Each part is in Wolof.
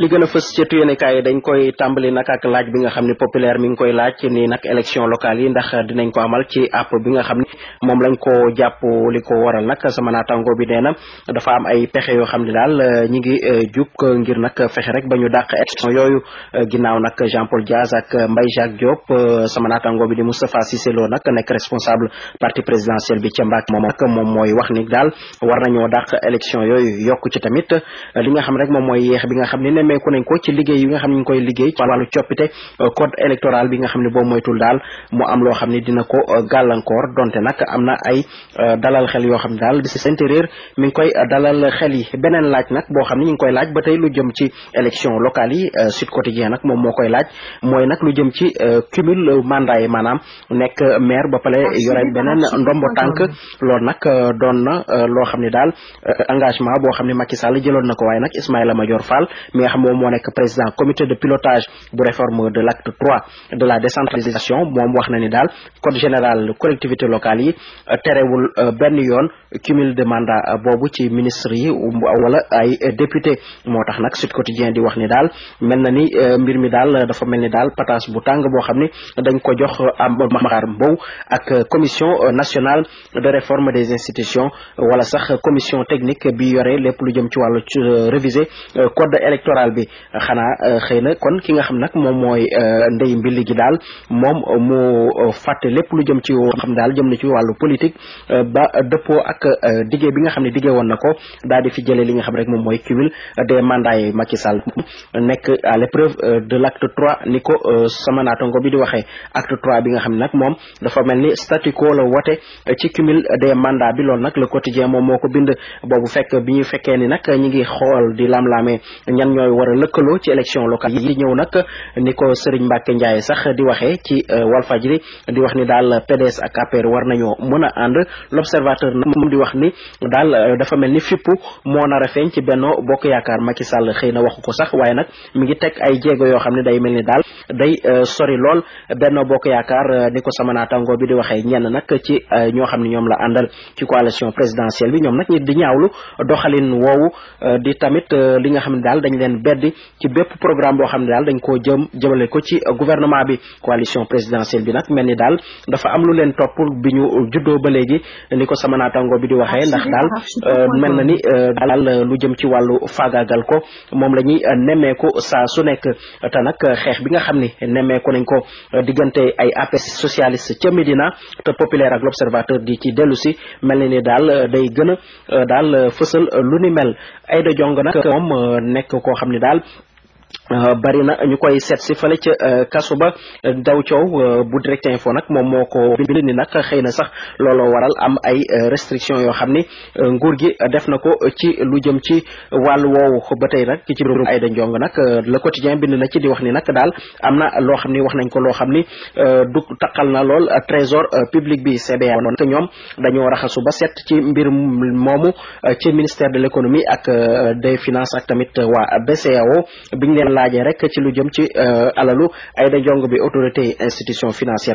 li gën a fës ci tuyéenekaay yi dañ koy tàmbali nag ak laaj bi nga xam ne populaire mi ngi koy laaj ni nag élection locale yi ndax dinañ ko amal ci app bi nga xam ne moom lañ ko jàpp li ko waral nag sama naataango bi nee na dafa am ay pexe yoo xam ne daal euh, ñi ngi euh, jug ngir nag fexe rek ba ñu dàq élection yooyu euh, ginnaaw nag Jean Paul ak Mbaye Jacques Diop sama bi di Moustapha Cissé Lo nag nekk responsable parti présidentiel bi ca Mbacke moom nag moom mooy wax ni daal war nañoo dàq élection yooyu yokk ci tamit li nga xam rek moom mooy yeex bi nga xam ne nemmeeku nañ ko ci liggéey yi nga xam ne ñu koy liggéey ci wàllu coppite code électoral bi nga xam ne boo moytul daal mu am loo xam ne dina ko gàllankoor donte nag am na ay euh, dalal xel yoo xam ne daal ministre intérieur mi ngi koy euh, dalal xel yi beneen laaj nag boo xam ne ñu ngi koy laaj ba tey lu jëm ci élection locale yi euh, Sud Quotidien nag moom moo koy laaj mooy nag lu jëm ci cumul mandat yi maanaam nekk maire ba pare yore beneen ndombo tànk loolu nag doon na loo xam ne daal engagement boo xam ne Macky Sall jëloon na ko waaye nag Ismaïla Madior Fall mi nga xam moom moo nekk président commité de pilotage bu réforme de l'acte 3 de la décentralisation moom wax na ni daal code général collectivité locale yi Euh, terewul euh, benn yoon cumul de euh, boobu ci ministre yi wala ay député moo tax nag Sud Quotidien di wax ni daal mel na ni mbir mi daal dafa mel ni daal pataas bu tàng boo xam ni dañ ko jox am Maxaar Mbow ak commission nationale de réforme des institutions wala sax commission technique bi yore lépp lu jëm ci wàllu réviser code électoral bi xanaa xëy na kon ki nga xam nag moom mooy ndey mbili gi daal moom mu fàtte lépp lu jëm ci xam daal jëm na ci wàllu wàllu politique euh, ba dëppoo ak euh, diggee bi nga xam ne diggee woon na ko daal di fi jëlee li nga xam rek moom mooy cumul des mandats yi Macky nekk à l'épreuve euh, de l'acte trois ni ko sama bi di waxee acte trois bi nga xam ne nag moom dafa mel ni statu quo la wote ci cumul des mandats bi loolu nag le quotidien moom moo ko bind boobu fekk bi ñu fekkee ni nag ñi ngi xool di lam-laamee ñan ñooy war a lëkkaloo ci élection locale yi ñëw nag ni ko Serigne Mbacke Ndiaye di waxee ci Walfadjri di wax ni daal PDS ak APR war nañoo ñoo mën a ànd l'observateur na di wax ni daal euh, dafa mel ni fippu moo nar a feeñ ci Benno Bokk Yaakaar Macky Sall xëy na waxu ko sax waaye nag mu ngi teg ay jéego yoo xam ne day mel ni daal day euh, sori lool Benno Bokk Yaakaar euh, ni ko sama naataango bi di waxee ñenn nag ci ñoo xam ne ñoom la àndal ci coalition présidentielle bi ñoom nag ñi di ñaawlu doxalin woowu di tamit li nga xam ne daal dañ leen beddi ci bépp programme boo xam ne daal dañ koo jëm jëmale ko ci guvernement bi coalition présidentielle bi nag mel ni daal dafa am lu leen topp bi ñu juddoo ba léegi ni ko sama naataango bi di waxee ndax daal euh, mel na ni euh, daal euh, lu jëm ci wàllu faagaagal ko moom la ñuy nemmeeku saa su nekk te nag xeex bi nga xam ni nemmeeku nañ ko diggante ay APS socialiste ca Médina te populaire ak l'observateur di ci dellu si mel na ni daal day gën a daal fësal lu ni mel Aïda Diong nag moom nekk koo xam ni daal Euh, bari na ñu koy seet si fale ca euh, kaso ba euh, daw coow bu direct foo nag moom moo ko bind ni nag xëy na sax looloo waral am ay restriction yoo xam ni nguur gi def na ko ci lu jëm ci wàllu woowu ba tey nag ci biir Aïda Ndiong nag le quotidien bind na ci di wax ni nag daal am na loo xam ni wax nañ ko loo xam ni du taqal na lool trésor public bi CBA noonu te ñoom dañoo raxasu ba set ci mbir moomu ci ministère de l'économie ak des finances ak tamit waa BCEAO laajee rek lu jëm ci euh, alalu Aïda Ndiongue bi autorité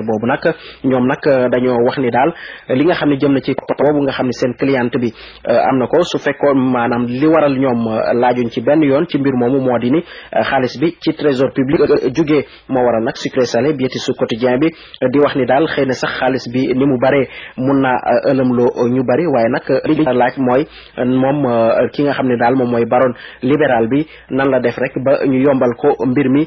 boobu nag ñoom nag euh, dañoo wax ni daal li nga xam ne jëm na ci boobu nga xam ne seen cliente bi euh, am na ko su fekkoon maanaam li waral ñoom laajuñ ci benn yoon ci mbir moomu moo di ni xaalis bi ci trésor public jugee moo waral nag sucré salé bieti su quotidien bi di wax ni daal xëy na sax xaalis bi ni mu baree mun naa ëlëmloo ñu bari waaye nag li laaj mooy moom ki nga xam ne daal moom mooy baron libéral bi nan la def rek ba ñu yombal ko mbir mi